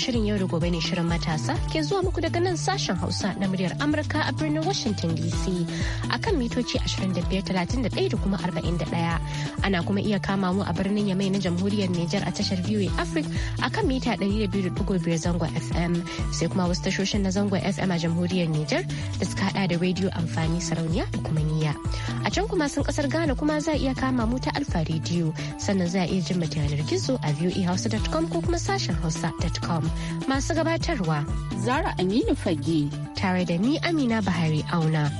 shirin yau da gobe ne shirin matasa ke zuwa muku daga nan sashen Hausa na muryar Amurka a birnin Washington DC akan mitoci 2531 da kuma 41. Ana kuma iya kama mu a birnin Yamai na Jamhuriyar Nijar a tashar VOA Africa akan mita 200.5 zango FM sai kuma wasu tashoshin na zango FM a Jamhuriyar Nijar da suka hada da rediyo amfani sarauniya da kuma niyya. A can kuma sun kasar Ghana kuma za a iya kama mu ta Alfa rediyo sannan za a iya jin yanar gizo a voahausa.com ko kuma sashen hausa.com. masu gabatarwa Zara Aminu Fage tare da ni Amina Bahari Auna.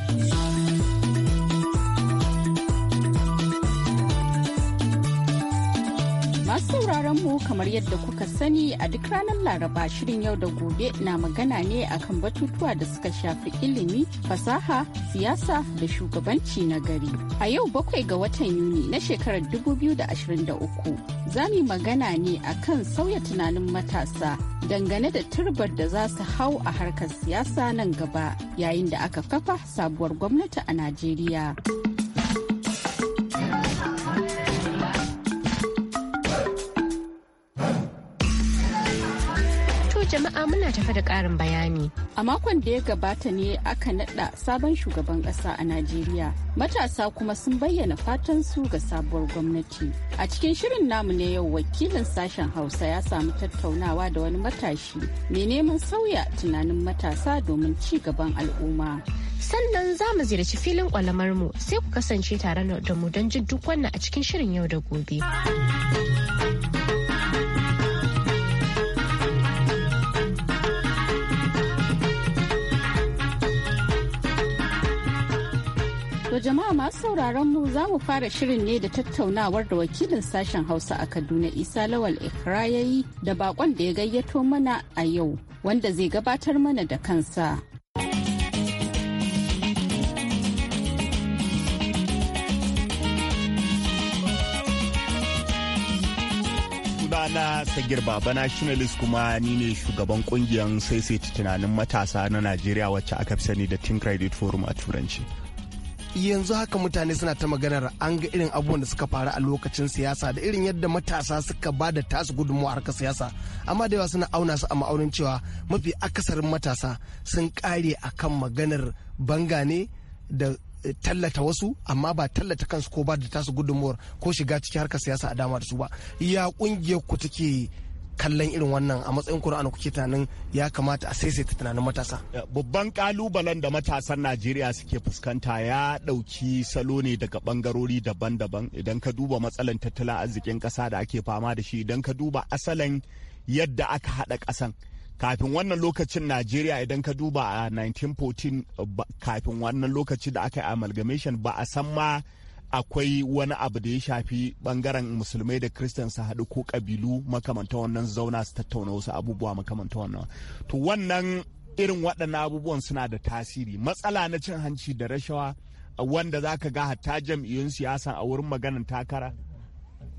sauraron mu kamar yadda kuka sani a duk ranar Laraba shirin yau da gobe na magana ne akan batutuwa da suka shafi ilimi, fasaha, siyasa da shugabanci na gari. A yau bakwai ga watan Yuni na shekarar 2023 za mu magana ne akan sauya tunanin matasa dangane da turbar da za su hau a harkar siyasa nan gaba yayin da aka kafa sabuwar gwamnati a Najeriya. jama'a muna tafe da karin bayani. A makon da ya gabata ne aka naɗa sabon shugaban ƙasa a Najeriya. Matasa kuma sun bayyana fatan su ga sabuwar gwamnati. A cikin shirin namu ne yau wakilin sashen Hausa ya samu tattaunawa da wani matashi mai neman sauya tunanin matasa domin ci gaban al'umma. Sannan za mu ziyarci filin kwalamar mu sai ku kasance tare da mu don jin duk wannan a cikin shirin yau da gobe. jama'a masu sauraron mu za mu fara shirin ne da tattaunawar da wakilin sashen Hausa a Kaduna Isa Lawal Ikra yi da bakon da ya gayyato mana a yau wanda zai gabatar mana da kansa. sunana sagir baba nationalist kuma ni ne shugaban kungiyar saisaita tunanin matasa na najeriya wacce aka fi sani da think credit forum a turanci yanzu haka mutane suna ta maganar an ga irin abubuwan da suka faru a lokacin siyasa da irin yadda matasa suka ba da tasu gudunmawa harkar siyasa amma da yawa suna auna su a ma'aunin cewa mafi akasarin matasa sun kare kan maganar banga ne da tallata wasu amma ba tallata kansu ko ba da tasu gudunmuwar ko shiga cikin harkar siyasa a dama da su ba ya kungiyar ku take kallon irin wannan a matsayin kur'ani kuke tunanin ya kamata a saisaita tunanin matasa babban kalubalen da matasan najeriya suke fuskanta ya ɗauki salo ne daga bangarori daban-daban idan ka duba matsalan tattalin arzikin ƙasa da ake fama da shi idan ka duba asalin yadda aka haɗa ƙasan kafin wannan lokacin najeriya idan ka duba a 1914 kafin wannan lokaci da aka yi amalgamation ba a san ma akwai wani abu da ya shafi bangaren musulmai da kristan su haɗu ko kabilu makamanta wannan zauna su tattauna wasu abubuwa makamanta wannan to wannan irin waɗannan abubuwan suna da tasiri matsala na cin hanci da rashawa wanda za ka ga hatta jam'iyyun siyasa a wurin maganin takara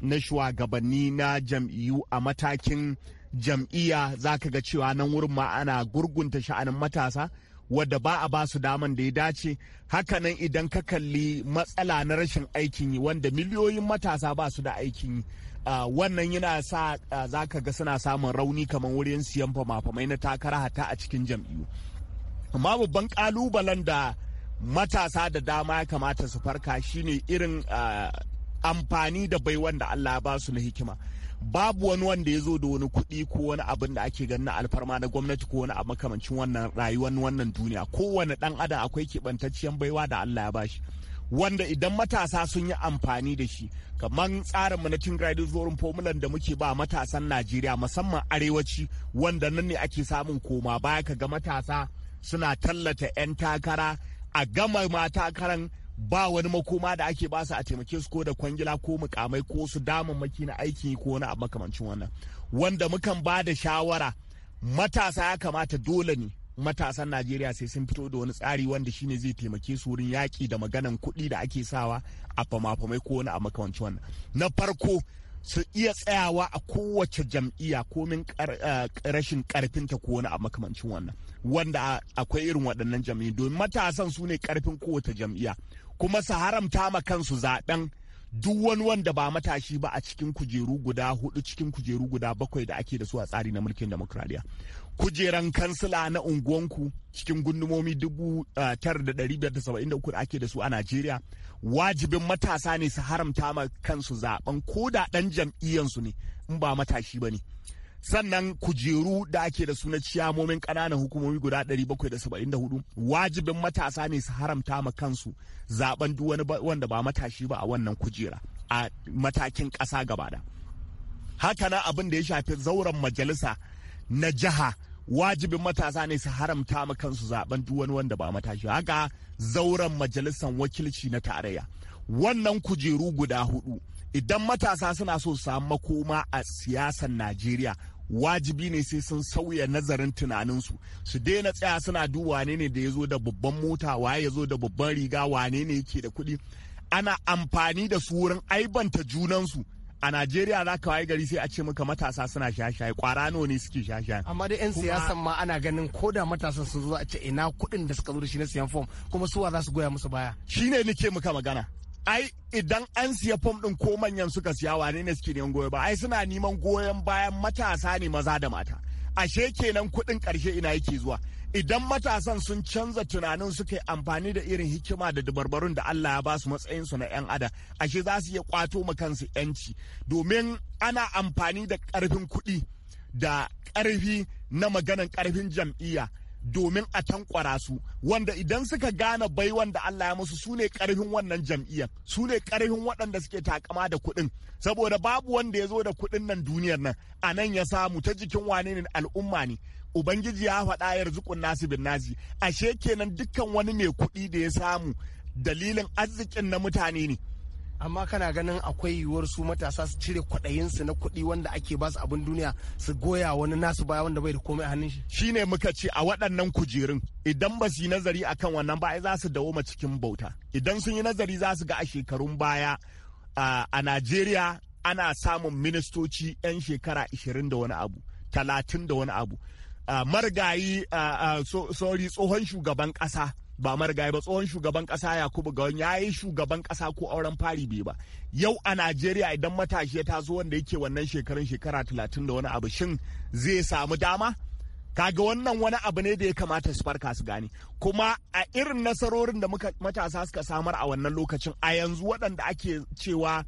na shugabanni na jam'iyyu a matakin jam'iyya za ka ga cewa nan wurin ma ana gurgunta sha'anin matasa wadda ba a basu daman da ya dace hakanan idan ka kalli matsala na rashin aikin yi wanda miliyoyin matasa ba su da aikin yi wannan yana sa za ka ga suna samun rauni kamar wurin siyan fama-famai na takara hata a cikin jam'iyyu amma babban kalubalen da matasa da dama ya kamata su farka shine irin amfani da baiwan da Allah ya ba su na hikima babu wani wanda ya zo da wani kuɗi ko wani abin da ake ganin alfarma na gwamnati ko wani abu makamancin wannan rayuwar wannan duniya kowane ɗan adam akwai keɓantacciyar baiwa da Allah ya bashi wanda idan matasa sun yi amfani da shi kamar tsarinmu na cin gradin zorin fomulan da muke ba matasan najeriya musamman arewaci wanda nan ne ake samun koma baya ka ga matasa suna tallata 'yan takara a gama matakaran. ba wani makoma da ake ba su a taimake su ko da kwangila ko mukamai ko su damammaki na aiki ko wani abu makamancin wannan wanda mukan ba da shawara matasa ya kamata dole ne matasan najeriya sai sun fito da wani tsari wanda shine zai taimake su wurin yaƙi da maganan kuɗi da ake sawa a fama-famai ko wani abu makamancin wannan na farko su iya tsayawa a kowace jam'iyya komin eh, rashin ta ko wani abu makamancin wannan wanda akwai irin waɗannan jam'iyyu domin matasan su ne karfin kowace jam'iyya kuma su haramta ma kansu zaben duk wani wanda ba matashi ba a cikin kujeru guda hudu cikin kujeru guda bakwai da ake da su a tsari na mulkin demokradiyya kujeran kansila na unguwanku cikin gundumomi dubu ah, da ake da su a najeriya wajibin matasa ne su haramta ma kansu zaben ko da dan jam'iyyansu ne in ba matashi ba ne sannan kujeru da ake da suna na ciyamomin ƙananan hukumomi guda 774 wajibin matasa ne su haramta ma kansu zaben duk wani wanda ba matashi ba a wannan kujera a matakin ƙasa gaba haka na abin da ya shafi zauren majalisa na jiha wajibin matasa ne su haramta ma kansu zaben duk wani wanda ba matashi haka zauren majalisan wakilci na tarayya wannan kujeru guda hudu idan matasa suna so su samu makoma a siyasar najeriya wajibi ne sai sun sauya nazarin tunaninsu su daina tsaya suna duba wane ne da ya zo da babban mota waye ya zo da babban riga wane ne yake da kuɗi ana amfani da su wurin aibanta junansu a Najeriya za ka waye gari sai a ce maka matasa suna shashaye kwara nawa ne suke shashaye. Amma da 'yan siyasan ma ana ganin ko da matasan sun zo a ce ina kuɗin da suka zo da shi na siyan fom kuma suwa za su goya musu baya. Shi ne ke muka magana ai idan an siya fom din ko manyan suka siya wane ne suke neman goyon ba ai suna neman goyon bayan matasa ne maza da mata ashe kenan kuɗin karshe ina yake zuwa idan matasan sun canza tunanin suka yi amfani da irin hikima da dabarbarun da Allah ya ba su matsayinsu na 'yan ada ashe za su iya kwato ma kansu 'yanci domin ana amfani da karfin kuɗi da ƙarfi na maganan karfin jam'iyya domin a tankwara su wanda idan suka gane baiwan da Allah ya musu su ne karfin wannan jam'iyyar su ne karfin waɗanda suke takama da kuɗin saboda babu wanda ya zo da kuɗin nan duniyar nan a nan ya samu ta jikin wane ne al'umma ne ubangiji ya faɗa ya rizikun nasu bin nasi ashe kenan dukkan wani mai kuɗi da ya samu dalilin arzikin na mutane ne amma kana ganin akwai yiwuwar su matasa su cire kwaɗayinsu na kuɗi wanda ake ba su abin duniya su goya wani nasu baya wanda bai da komai a hannun shi shine muka ce a waɗannan kujerun idan ba su yi nazari akan wannan ba za su dawo ma cikin bauta idan sun yi nazari za su ga a shekarun baya a Najeriya ana samun ministoci 'yan shekara 20 da wani abu talatin da wani abu marigayi sorry tsohon shugaban ƙasa ba marigayi ba tsohon shugaban kasa yakubu gawon ya yi shugaban kasa ko auren fari biyu ba yau a najeriya idan matashi ya taso wanda yake wannan shekarun shekara talatin da wani abu shin zai samu dama kaga wannan wani abu ne da ya kamata su farka su gane kuma a irin nasarorin da matasa suka samar a wannan lokacin a yanzu waɗanda ake cewa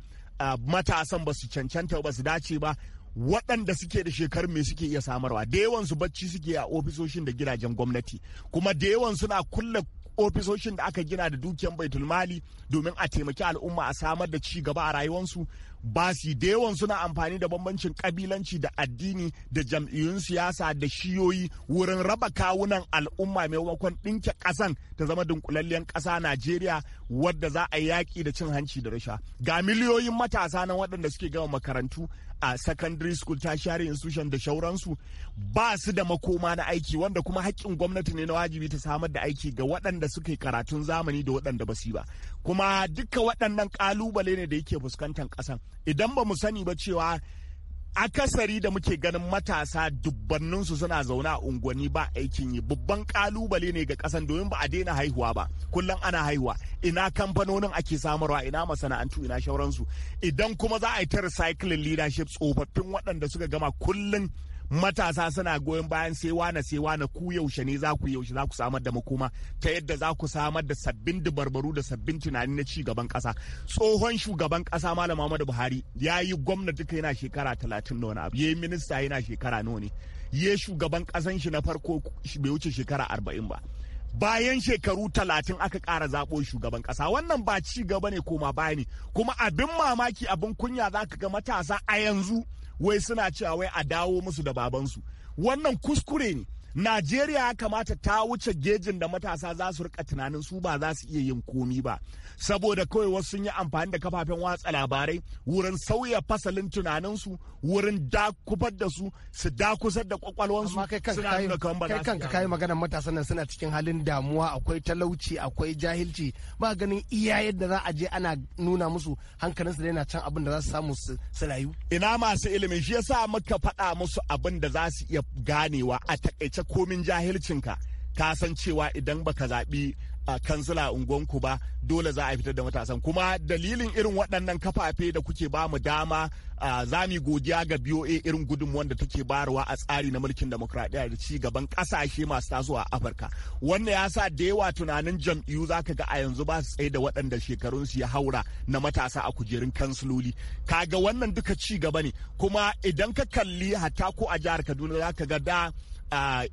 matasan ba su cancanta ba su dace ba waɗanda suke da shekarun me suke iya samarwa da yawan su bacci suke a ofisoshin da gidajen gwamnati kuma da yawan suna kulle ofisoshin da aka gina da dukiyan baitulmali domin a taimaki al'umma a samar da ci gaba a rayuwarsu basi da yawan suna amfani da bambancin kabilanci da addini da jam'iyyun siyasa da shiyoyi wurin raba kawunan al'umma maimakon ɗinke ƙasan ta zama dunkulallen ƙasa najeriya wadda za a yaƙi da cin hanci da rasha ga miliyoyin matasa na waɗanda suke gama makarantu a secondary school tertiary institution da shauransu ba su da makoma na aiki wanda kuma haƙƙin gwamnati ne na wajibi ta samar da aiki ga waɗanda suke karatun zamani da waɗanda ba su ba kuma duka waɗannan ƙalubale ne da yake fuskantar ƙasan idan ba mu sani ba cewa akasari da muke ganin matasa dubbanninsu suna zaune a unguwanni ba aikin yi babban kalubale ne ga kasan domin ba a daina haihuwa ba kullum ana haihuwa ina kamfanonin ake samarwa ina masana'antu ina shauransu idan kuma za a yi ta recycling leadership tsofaffin waɗanda suka gama kullum matasa suna goyon bayan sai wane sai wane ku yaushe ne za ku yaushe za ku samar da makoma ta yadda za ku samar da sabbin dabarbaru da sabbin tunani na ci gaban kasa tsohon shugaban kasa malam Muhammadu Buhari ya yi gwamnati duka yana shekara talatin da ya yi minista yana shekara nawa ne ya shugaban kasan shi na farko bai wuce shekara arba'in ba bayan shekaru talatin aka kara zaɓo shugaban kasa wannan ba ci gaba ne koma baya ne kuma abin mamaki abin kunya za ka ga matasa a yanzu wai suna cewa wai a dawo musu da babansu wannan kuskure ne Najeriya ya kamata ta wuce gejin da matasa za su rika tunanin su ba za su iya yin komi ba saboda kawai wasu sun yi amfani da kafafen watsa labarai wurin sauya fasalin tunaninsu wurin dakubar da su su dakusar da kwakwalwansu suna kai kanka kai maganar matasan nan suna cikin halin damuwa akwai talauci akwai jahilci ba ganin iya yadda za a je ana nuna musu hankalinsu da yana can abin da za su samu su rayu ina masu ilimi shi yasa muka faɗa musu abin da za su iya ganewa a takaice komin jahilcinka ka san cewa idan baka zaɓi a kansila unguwanku ba dole za a fitar da matasan kuma dalilin irin waɗannan kafafe da kuke ba mu dama za mu godiya ga boa irin gudunmuwan da take bayarwa a tsari na mulkin demokradiyya da ci gaban ƙasashe masu tasowa a afirka wannan ya sa da yawa tunanin jam'iyyu za ka ga a yanzu ba su tsaye da waɗanda shekarun su ya haura na matasa a kujerun kansiloli ga wannan duka ci gaba ne kuma idan ka kalli hatta ko a jihar kaduna za ka ga da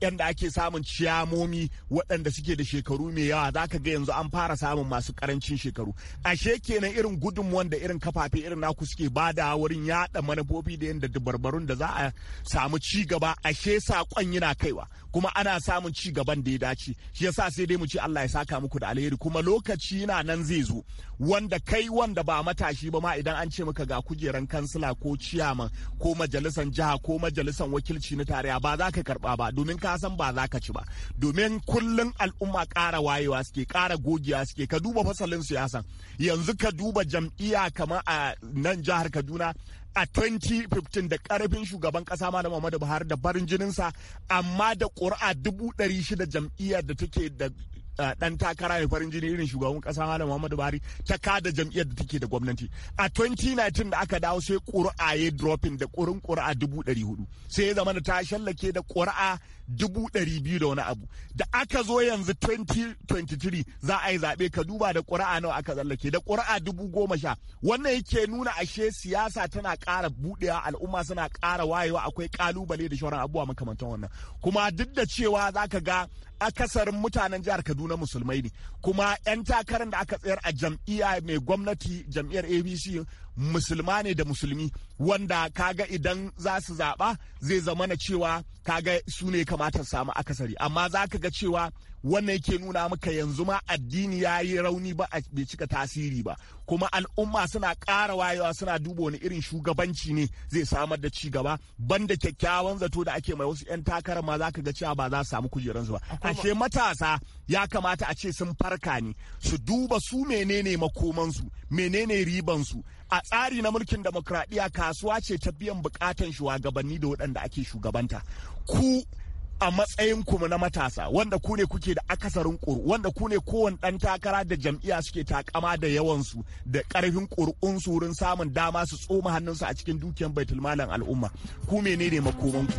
Yanda ake samun ciyamomi waɗanda suke da shekaru mai yawa za ka ga yanzu an fara samun masu karancin shekaru ashe kenan irin gudunmuwan da irin kafafe irin naku suke da wurin yaɗa manufofi da yadda dabarbarun da za a samu ci gaba ashe saƙon yana kaiwa kuma ana samun ci gaban da ya dace shi yasa sai dai mu ci Allah ya saka muku da alheri kuma lokaci yana nan zai zo wanda kai wanda ba matashi ba ma idan an ce maka ga kujeran kansila ko ciyaman ko majalisan jiha ko majalisan wakilci na tarayya ba za ka karba ba domin ka san ba za ka ci ba domin kullum al'umma ƙara wayewa suke kara gogiya suke ka duba fasalin siyasa yanzu ka duba jam'iyya kamar a nan jihar kaduna a 2015 da karfin shugaban kasa malam Muhammadu Buhari da barin jininsa amma da ƙuri'a dubu ɗari shida jam'iyyar da take da dan takara mai farin jini irin shugaban kasa Malam Muhammadu Buhari ta kada jam'iyyar da take da gwamnati a 2019 da aka dawo sai kur'a ya dropping da ƙurin ƙuri'a dubu ɗari hudu sai ya zama da ta shallake da ƙuri'a dubu ɗari biyu da wani abu da aka zo yanzu 2023 za a yi zaɓe ka duba da ƙuri'a nawa aka tsallake da ƙuri'a dubu goma sha wannan yake nuna ashe siyasa tana ƙara buɗewa al'umma suna ƙara wayewa akwai ƙalubale da shauran abubuwa makamantan wannan kuma duk da cewa za ka ga akasarin mutanen jihar kaduna musulmai ne kuma 'yan takarar da aka tsayar a jam'iyya mai gwamnati jam'iyyar abc musulma ne da musulmi wanda kaga idan za su zaɓa zai zama na cewa kaga su ne kamata samu akasari amma za ka ga cewa wannan yake nuna maka yanzu ma addini ya yi rauni ba a bai cika tasiri ba kuma al'umma suna ƙara wayewa suna duba wani irin shugabanci ne zai samar da ci gaba banda kyakkyawan zato da ake mai wasu 'yan takarar ma za ka ga cewa ba za su samu kujeransu ba ashe matasa ya kamata a ce sun farka ne su duba su menene makomansu menene ribansu a tsari na mulkin demokradiyya kasuwa ce ta biyan bukatan shugabanni da waɗanda ake shugabanta ku a matsayin ku na matasa wanda ku ne kuke da akasarin ƙuru wanda ku ne kowane ɗan takara da jam'iyya suke takama da yawansu da ƙarfin ƙuri'un su wurin samun dama su tsoma hannunsu a cikin dukiyar baitulmalan al'umma ku menene makomanku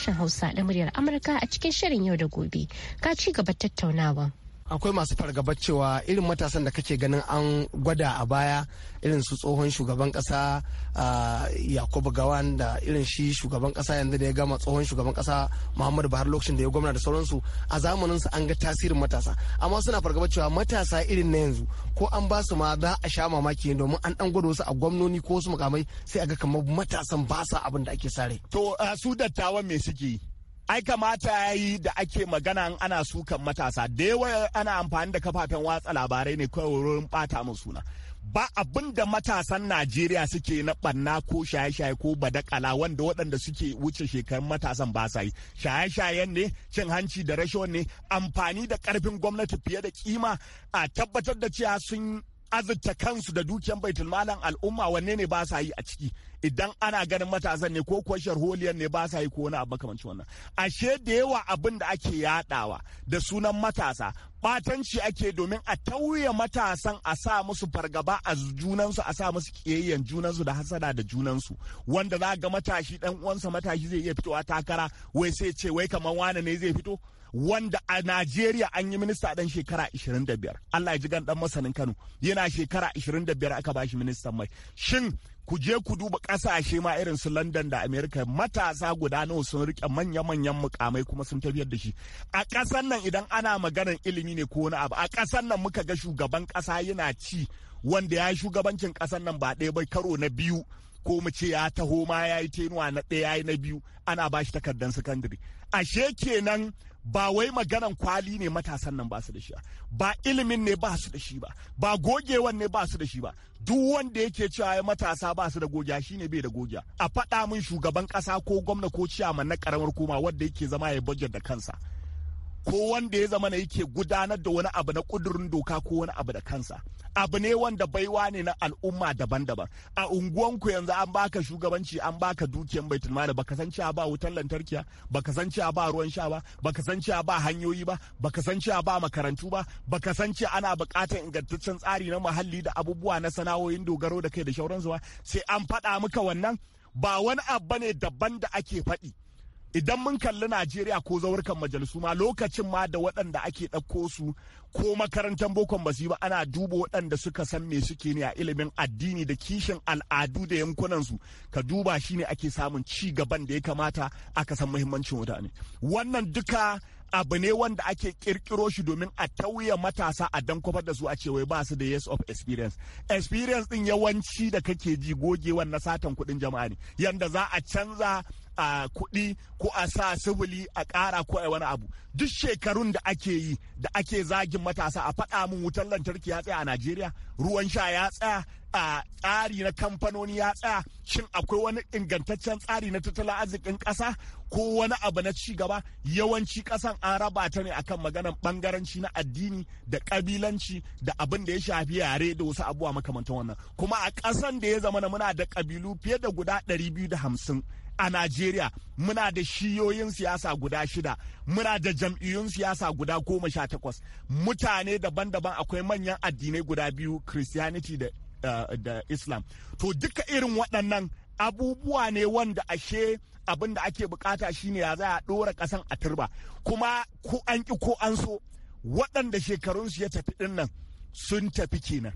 sashen Hausa na muryar Amurka a cikin shirin yau da gobe. Ka ci gaba tattaunawa. akwai masu fargabar cewa irin matasan da kake ganin an gwada a baya irin su tsohon shugaban kasa yakubu gawan da irin shi shugaban kasa yanzu da ya gama tsohon shugaban kasa muhammadu buhari lokacin da ya gwamna da sauransu a zamanin su an ga tasirin matasa amma suna fargabar cewa matasa irin na yanzu ko an ba su ma za a sha mamaki domin an dan gwada wasu a gwamnoni ko wasu mukamai sai a ga kamar matasan ba sa abin da ake sare to su dattawan me suke ai kamata ya yi da ake magana ana sukan matasa da yawa ana amfani da kafafen watsa labarai ne kawai wurin bata mu suna ba abin da matasan najeriya suke na barna ko shaye-shaye ko badakala wanda waɗanda suke wuce shekarun matasan ba sa yi shaye-shayen ne cin hanci da rashon ne amfani da ƙarfin gwamnati fiye da kima a tabbatar da cewa sun azurta kansu da dukiyan baitulmalan al'umma wanne ne ba sa yi a ciki idan ana ganin matasan ne ko kuwa sharholiyar ne ba sa yi ko wani abu makamancin wannan ashe da yawa abin da ake yadawa da sunan matasa batanci ake domin a tauye matasan a sa musu fargaba a junansu a sa musu kiyayyen junansu da hasada da junansu wanda za ga matashi dan uwansa matashi zai iya fitowa takara wai sai ce wai kamar wane ne zai fito wanda a Najeriya an yi minista dan shekara 25 Allah ya ji gan dan masanin Kano yana shekara 25 aka bashi ministan mai shin ku je ku duba ƙasashe ma irin su London da America matasa guda nawa sun rike manya-manyan mukamai kuma sun tafiyar da shi a ƙasar nan idan ana maganar ilimi ne ko wani abu a ƙasar nan muka ga shugaban ƙasa yana ci wanda ya shugabancin ƙasar nan ba ɗaya bai karo na biyu ko mu ce ya taho ma ya yi tenuwa na ɗaya ya yi na biyu ana ba shi takardar sakandare ashe kenan ba wai maganan kwali ne matasan nan ba su da shi ba ilimin ne ba su da shi ba ba gogewan ne ba su da shi ba duk wanda yake cewa ya matasa ba su da shi shine bai da gogiya a faɗa min shugaban ƙasa ko gwamna ko ciyaman na ƙaramar koma wanda yake zama ya bajet da kansa ko wanda ya zama na yake gudanar da wani abu na kudurin doka ko wani abu da kansa abu ne wanda baiwa ne na al'umma daban-daban a unguwanku yanzu an baka shugabanci an baka dukiyan bai tunani baka san cewa ba wutar lantarki baka san cewa ba ruwan sha ba baka san cewa ba hanyoyi ba baka san cewa ba makarantu ba baka san cewa ana bukatar ingantaccen tsari na muhalli da abubuwa na sana'o'in dogaro da kai da shauransu ba sai an faɗa maka wannan ba wani abu ne daban da ake faɗi idan mun kalli najeriya ko zaurukan majalisu ma lokacin ma da waɗanda ake ɗauko su ko makarantar bokon basu ba ana duba waɗanda suka san me suke ne a ilimin addini da kishin al'adu da yankunansu ka duba shi ne ake samun ci gaban da ya kamata aka san muhimmancin mutane wannan duka abu ne wanda ake kirkiro shi domin a tauye matasa a dan da su a cewa ba su da years of experience experience din yawanci da kake ji gogewan na satan kudin jama'a ne yanda za a canza a kuɗi ko a sa sibili a ƙara ko a wani abu duk shekarun da ake yi da ake zagin matasa a faɗa min wutar lantarki ya tsaya a najeriya ruwan sha ya tsaya a tsari na kamfanoni ya tsaya shin akwai wani ingantaccen tsari na tattalin arzikin ƙasa ko wani abu na ci gaba yawanci ƙasan an raba ta ne akan maganan bangaranci na addini da ƙabilanci da abin da ya shafi yare da wasu abubuwa makamantan wannan kuma a ƙasan da ya zama muna da ƙabilu fiye da guda ɗari biyu da hamsin a Najeriya muna da shiyoyin siyasa guda shida muna da jam'iyyun siyasa guda goma sha takwas mutane daban-daban akwai manyan addinai guda biyu Christianity da, uh, Islam to duka irin waɗannan abubuwa ne wanda ashe abin da ake bukata shine ya za a ɗora ƙasan a turba kuma ko an ƙi ko an so waɗanda shekarunsu ya tafi ɗin nan sun tafi kenan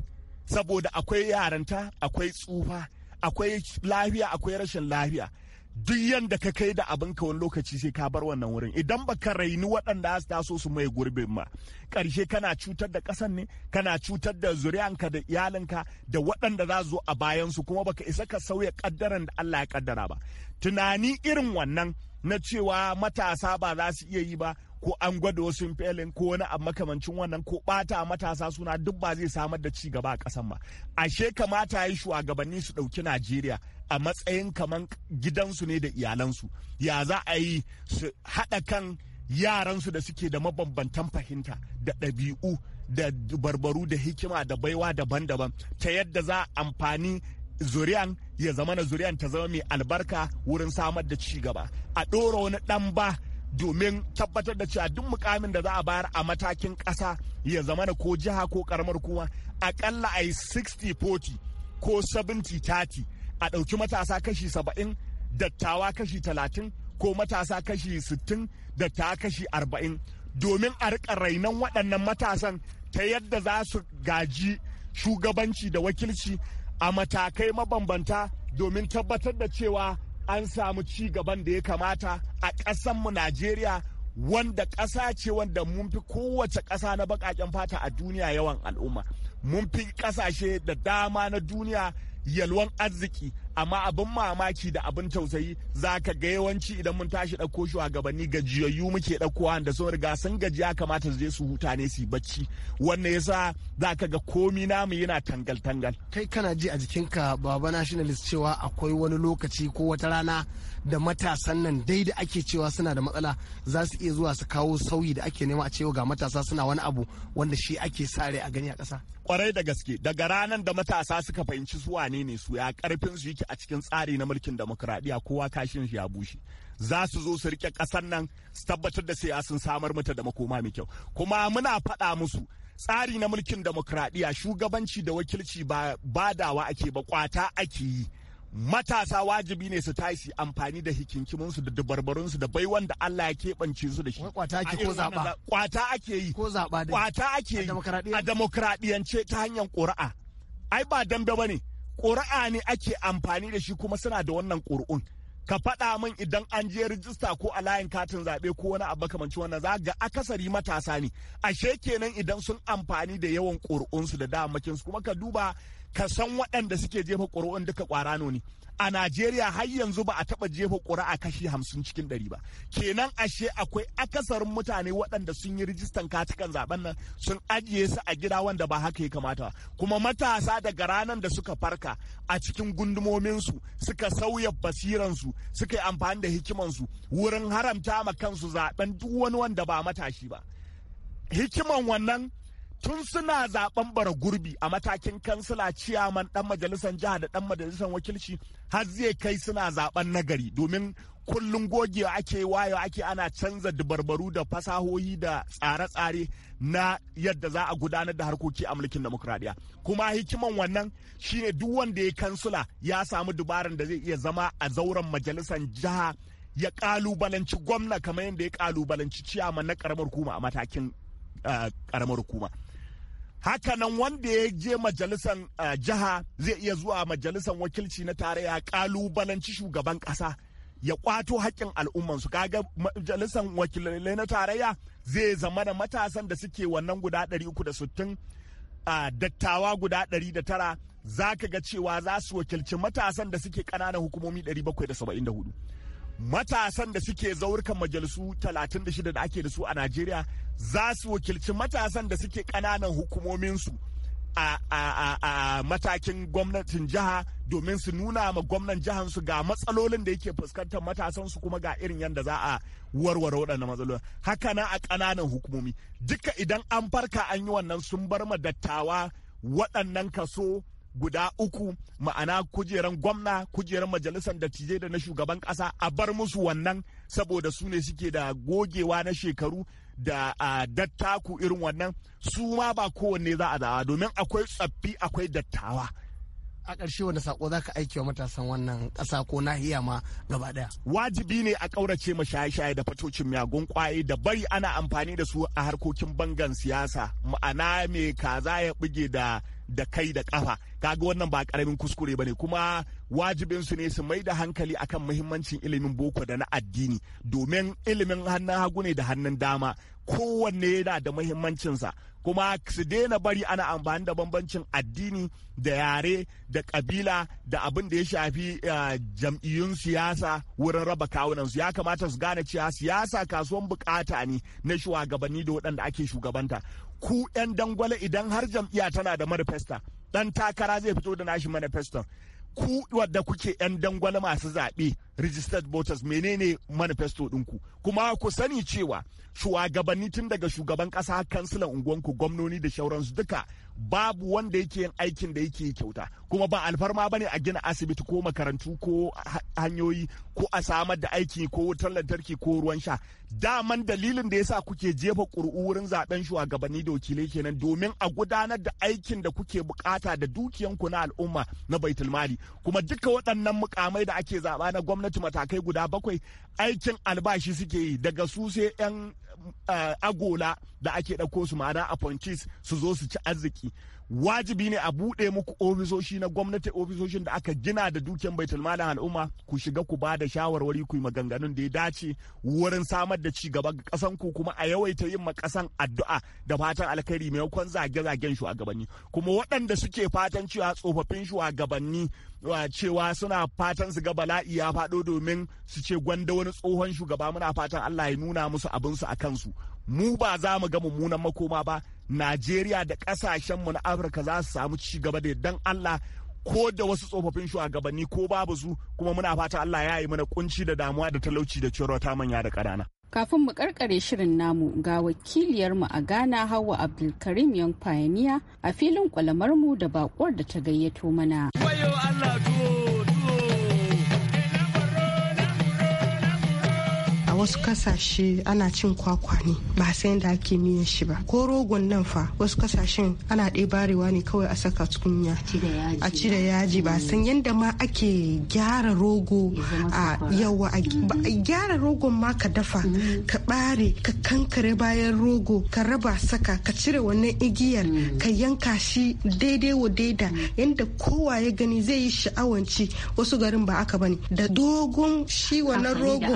saboda akwai yaranta akwai tsufa akwai lafiya akwai rashin lafiya duk yanda ka kai da abin ka wani lokaci sai ka bar wannan wurin idan ba ka raini waɗanda su taso su mai gurbin ma ƙarshe kana cutar da ƙasan ne kana cutar da zuriyanka da iyalinka da waɗanda za zo a bayansu kuma baka isa ka sauya ƙaddaran da Allah ya ƙaddara ba tunani irin wannan na cewa matasa ba za su iya yi ba ko an gwada wasu felin ko wani a makamancin wannan ko bata matasa suna duk ba zai samar da ci gaba a kasan ba ashe kamata ya yi shugabanni su ɗauki najeriya a matsayin kamar gidansu ne da iyalansu ya za a yi su haɗa kan yaransu da suke da mabambantan fahimta da ɗabi'u da barbaru da hikima da baiwa daban-daban ta yadda za amfani zuriyan ya zama na zuriyan ta zama mai albarka wurin samar da ci gaba a ɗora wani ɗan ba domin tabbatar da cewa duk mukamin da za a bayar a matakin ƙasa ya zama na ko jiha ko karamar kuma aƙalla a yi 60-40 ko 70-30 a ɗauki matasa kashi saba'in dattawa kashi talatin ko matasa kashi sittin dattawa kashi arba'in domin a riƙa rainon waɗannan matasan ta yadda za su gaji shugabanci da wakilci a matakai mabambanta domin tabbatar da cewa an samu ci gaban da ya kamata a ƙasanmu Najeriya wanda ƙasa ce wanda mun fi kowace ƙasa na baƙaƙen fata a duniya yawan al'umma. Mun fi ƙasashe da dama na duniya yalwan arziki amma abin mamaki da abin tausayi za ka ga yawanci idan mun tashi ɗauko shugabanni gajiyayyu muke ɗaukowa da sun riga sun gajiya kamata su je su huta ne su bacci wannan yasa za ka ga komi namu yana tangal tangal kai kana ji a jikinka baba nationalist cewa akwai wani lokaci ko wata rana da matasan nan dai da ake cewa suna da matsala za su iya zuwa su kawo sauyi da ake nema a cewa ga matasa suna wani abu wanda shi ake sare a gani a ƙasa kwarai da gaske daga ranar da matasa suka fahimci su wane ne su ya karfin su yake a cikin tsari na mulkin demokradiyya kowa kashin shi ya bushe za su zo su rike kasar nan su tabbatar da sai sun samar mata da makoma mai kyau kuma muna faɗa musu tsari na mulkin demokradiyya shugabanci da wakilci ba badawa ake ba kwata ake yi matasa wajibi ne su tashi amfani da hikinkiminsu da dabarbarunsu da bai wanda Allah ya keɓance su da shi. Kwata ake ko zaɓa. Kwata ake yi. Ko zaɓa Kwata ake yi. A demokradiyance ta hanyar ƙuri'a. Ai ba dambe ba ne. Ƙuri'a ne ake amfani da shi kuma suna da wannan ƙuri'un. Ka faɗa min idan an je rijista ko a layin katin zaɓe ko wani abu kamanci wannan za ga akasari matasa ne. Ashe kenan idan sun amfani da yawan ƙuri'unsu da damakinsu kuma ka duba ka san waɗanda suke jefa ƙuri'un duka ƙwarano ne a Najeriya har yanzu ba a taɓa jefa ƙuri'a kashi hamsin cikin ɗari ba kenan ashe akwai akasarin mutane waɗanda sun yi rijistan katikan zaben nan sun ajiye su a gida wanda ba haka ya kamata kuma matasa daga ranar da suka farka a cikin gundumominsu suka sauya basiransu suka yi amfani da hikimansu wurin haramta ma kansu zaben duk wani wanda ba matashi ba hikiman wannan tun suna zaben bara gurbi a matakin kansila ciyaman dan majalisar jiha da dan majalisar wakilci har zai kai suna zaben nagari domin kullum gogewa ake wayo ake ana canza dabarbaru da fasahohi da tsare-tsare na yadda za a gudanar da harkoki a mulkin demokradiyya kuma hikiman wannan shine duk wanda ya kansula ya samu dubaran da zai iya zama a zauren majalisar jiha ya kalubalanci gwamna kamar yadda ya kalubalanci ciyama na karamar hukuma a matakin karamar eh, hukuma hakanan wanda ya je majalisar eh, jiha zai iya zuwa majalisar wakilci na tarayya kalubalanci shugaban kasa ya kwato haƙƙin al'ummansu kaga majalisar wakilai na tarayya zai zama da matasan da suke wannan guda 360 eh, dattawa guda 900 za ka ga cewa za su wakilci matasan da suke ƙananan hukumomi 774 matasan da suke zaurukan majalisu 36 da ake da su a Najeriya za su wakilci matasan da suke ƙananan hukumominsu a, a, matakin gwamnatin jiha domin su nuna ma gwamnan jihansu ga matsalolin da yake fuskantar matasansu kuma ga irin yadda za a warware waɗannan matsalolin haka na a ƙananan hukumomi duka idan an farka an yi wannan sun bar ma dattawa waɗannan kaso guda uku ma'ana kujeran gwamna kujeran majalisar dattijai da na shugaban kasa a bar musu wannan saboda su ne suke da gogewa na shekaru da a dattaku irin wannan su ma ba kowanne za a zawa domin akwai tsaffi akwai dattawa a ƙarshe wanda sako za ka aiki wa matasan wannan ƙasa ko nahiya ma gaba ɗaya. Wajibi ne a ƙaurace ma shaye-shaye da fatocin miyagun ƙwaye da bari ana amfani da su a harkokin bangan siyasa ma'ana me kaza ya buge da da kai da kafa kaga wannan ba karamin kuskure bane kuma wajibin su ne su mai da hankali akan muhimmancin ilimin boko da na addini domin ilimin hannun hagu ne da hannun dama kowanne yana da mahimmancinsa kuma su daina bari ana amfani da bambancin addini da yare da kabila da abin da ya shafi eh, jam'iyyun siyasa wurin raba kawunansu ya kamata su gane cewa siyasa kasuwan bukata ne na shugabanni da waɗanda ake shugabanta ku 'yan dangwale idan har jam'iyya tana da manifesta ɗan takara zai fito da nashi manifeston ku wadda kuke 'yan dangwale masu zaɓe registered voters menene manifesto ɗinku kuma ku sani cewa shugabanni tun daga shugaban ƙasa kansilan unguwanku gwamnoni da shauransu duka babu wanda yake yin aikin da yake kyauta kuma ba alfarma ba ne a gina asibiti ko makarantu ko hanyoyi ko a samar da aiki ko wutar lantarki ko ruwan sha daman dalilin da yasa kuke jefa ƙuri'u wurin zaben shugabanni da wakilai kenan domin a gudanar da aikin da kuke bukata da dukiyanku na al'umma na baitulmali kuma duka waɗannan mukamai da ake zaɓa na gwamnati matakai guda bakwai aikin albashi suke yi daga su sai 'yan eh, agola da ake ɗauko su ma'ana apprentice su zo su ci arziki wajibi ne a buɗe muku ofisoshi na gwamnati ofisoshin da aka gina da dukiyar baitul malam al'umma ku shiga ku ba da shawarwari ku yi maganganun da ya dace wurin samar da ci gaba ga kasan ku kuma a yawaita yin makasan addu'a da fatan alkhairi maimakon zage-zagen shugabanni kuma waɗanda suke fatan cewa tsofaffin shugabanni cewa suna fatan su ga bala'i ya faɗo domin su ce gwanda wani tsohon shugaba muna fatan Allah ya nuna musu abinsu a kansu mu ba za mu ga mummunan makoma ba najeriya da kasashenmu na afirka za su samu ci gaba da dan allah ko da wasu tsofaffin shugabanni ko babu su kuma muna fata allah ya yi mana kunci da damuwa da talauci da ta manya da ƙanana kafin mu karkare shirin namu ga wakiliyarmu a ghana hawa abdulkarim yan pioneer a filin kwalamar mu da bakuwar da ta gayyato mana. Wayo Allah wasu kasashe ana cin kwakwa ne ba sai da ake miyan shi ba ko rogon nan fa wasu kasashen ana ɗaya barewa ne kawai a saka tukunya a ci da yaji ba san mm. yadda ma ake gyara rogo a yawa a gyara rogon ma ka dafa mm. ka ɓare ka kankare bayan rogo ka raba saka ka cire wannan igiyar mm. ka yanka shi daidai wa daida yadda kowa ya gani zai yi sha'awanci wasu garin ba aka bane da dogon shi wannan rogo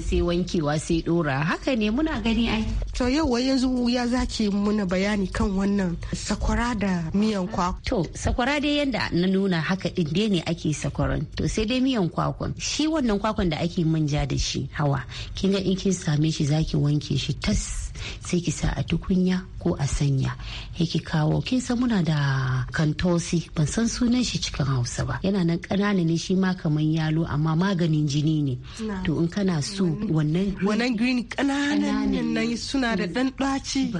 sai wankewa sai dora haka ne muna gani ai to yau wai yanzu ya zaki muna bayani kan wannan sakwara da miyan kwakwa to sakwara dai yanda na nuna haka din dai ne ake sakwaran to sai dai miyan kwakwa shi wannan kwakwan da ake manja da shi hawa kin ga in kin same shi zaki wanke shi tas sai ki sa a tukunya ko a sanya ya ki kawo kin san muna da kantosi ban san sunan shi cikin hausa ba yana nan ƙanana ne shi ma kamar yalo amma maganin jini ne to in kana so wannan wannan green nan suna da dan ɗaci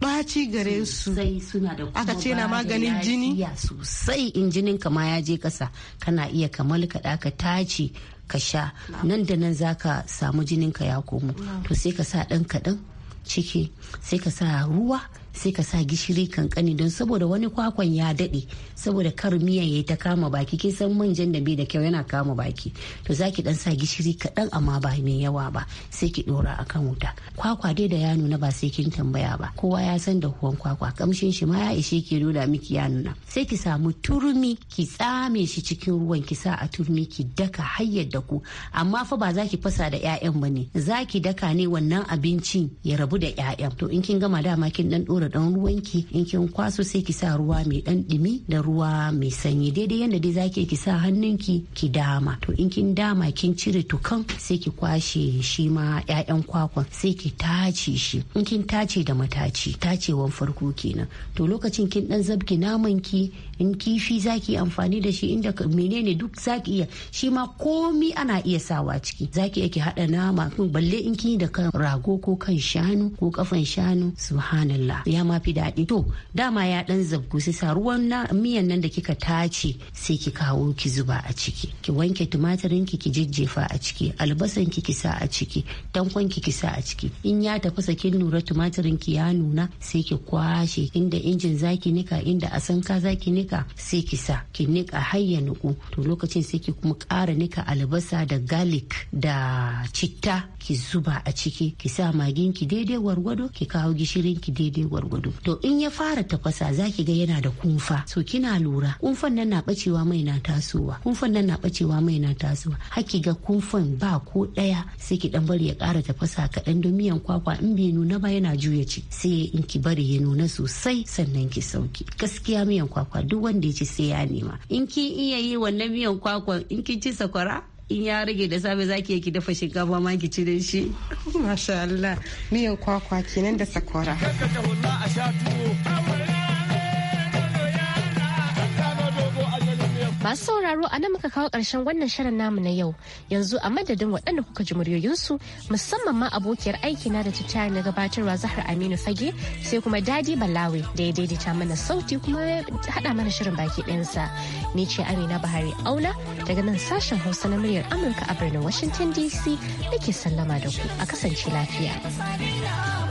ɗaci gare su sai suna da aka ce na maganin jini sosai in jinin ma ya je kasa kana iya kamar kaɗa ka tace ka sha nan da nan zaka ka samu jininka ya komo to sai ka sa ɗan kaɗan ciki sai ka sa ruwa sai ka sa gishiri kankani don saboda wani kwakwan ya daɗe saboda kar miyan ya ta kama baki ke san manjan da bai da kyau yana kama baki to za ki dan sa gishiri kaɗan amma ba mai yawa ba sai ki ɗora a kan wuta kwakwa dai da ya nuna ba sai kin tambaya ba kowa ya san da huwan kwakwa kamshin shi ma ya ishe ki nuna miki ya nuna sai ki samu turmi ki tsame shi cikin ruwan ki sa a turmi ki daka hayyar da ku amma fa ba za ki fasa da 'ya'yan ba ne za ki daka ne wannan abincin ya rabu da 'ya'yan to in kin gama dama kin ɗan ɗora da dan ruwanki in kin kwaso sai ki sa ruwa mai dan dumi da ruwa mai sanyi daidai yanda dai zaki ki sa hannunki ki dama to in kin dama kin cire tukan sai ki kwashe shi ma ƴaƴan kwakwan sai ki tace shi in kin tace da mataci tacewan farko kenan to lokacin kin dan zabki naman ki in kifi zaki amfani da shi inda menene duk zaki iya shi ma komi ana iya sawa ciki zaki iya ki hada nama balle in kin da kan rago ko kan shanu ko kafan shanu subhanallah ya fi daɗi to dama ya ɗan zabku sai sa ruwan na miyan nan da kika tace sai ki kawo ki zuba a ciki ki wanke tumatirin ki ki jejjefa a ciki albasan ki ki sa a ciki tankon ki ki sa a ciki in ya tafasa kin nura tumatirin ki ya nuna sai ki kwashe inda injin zaki nika inda asanka zaki nika sai ki sa ki nika har ya nuku to lokacin sai ki kuma ƙara nika albasa da garlic da citta ki zuba a ciki ki sa magin ki daidai gwargwado ki kawo gishirin ki daidai gwargwado to in ya fara tafasa zaki ga yana da kumfa so kina lura kumfan nan na bacewa mai na tasowa kunfan nan na bacewa mai na tasowa haki ga kumfan ba ko daya sai ki dan bari ya kara tafasa kaɗan don miyan kwakwa in bai nuna ba yana juya ci sai in ki bari ya nuna sosai sannan ki sauki gaskiya miyan kwakwa duk wanda ya ci sai ya nema in ki iya yi wannan miyan kwakwa in ki ci sakwara in ya rage da safe za ki yi ki dafa shinkafa ma ki ci da shi. Masha Allah miyan kwakwa kenan da sakwara. Masu sauraro a nan muka kawo ƙarshen wannan shirin namu na yau yanzu a madadin waɗanda kuka ji muryoyinsu musamman ma abokiyar aiki na da ta na gabatarwa zahar Aminu Fage sai kuma Dadi Balawe da ya daidaita mana sauti kuma ya haɗa mana shirin baki ɗinsa. Ni ce Amina Bahari Auna daga nan sashen Hausa na muryar Amurka a birnin Washington DC nake sallama da ku a kasance lafiya.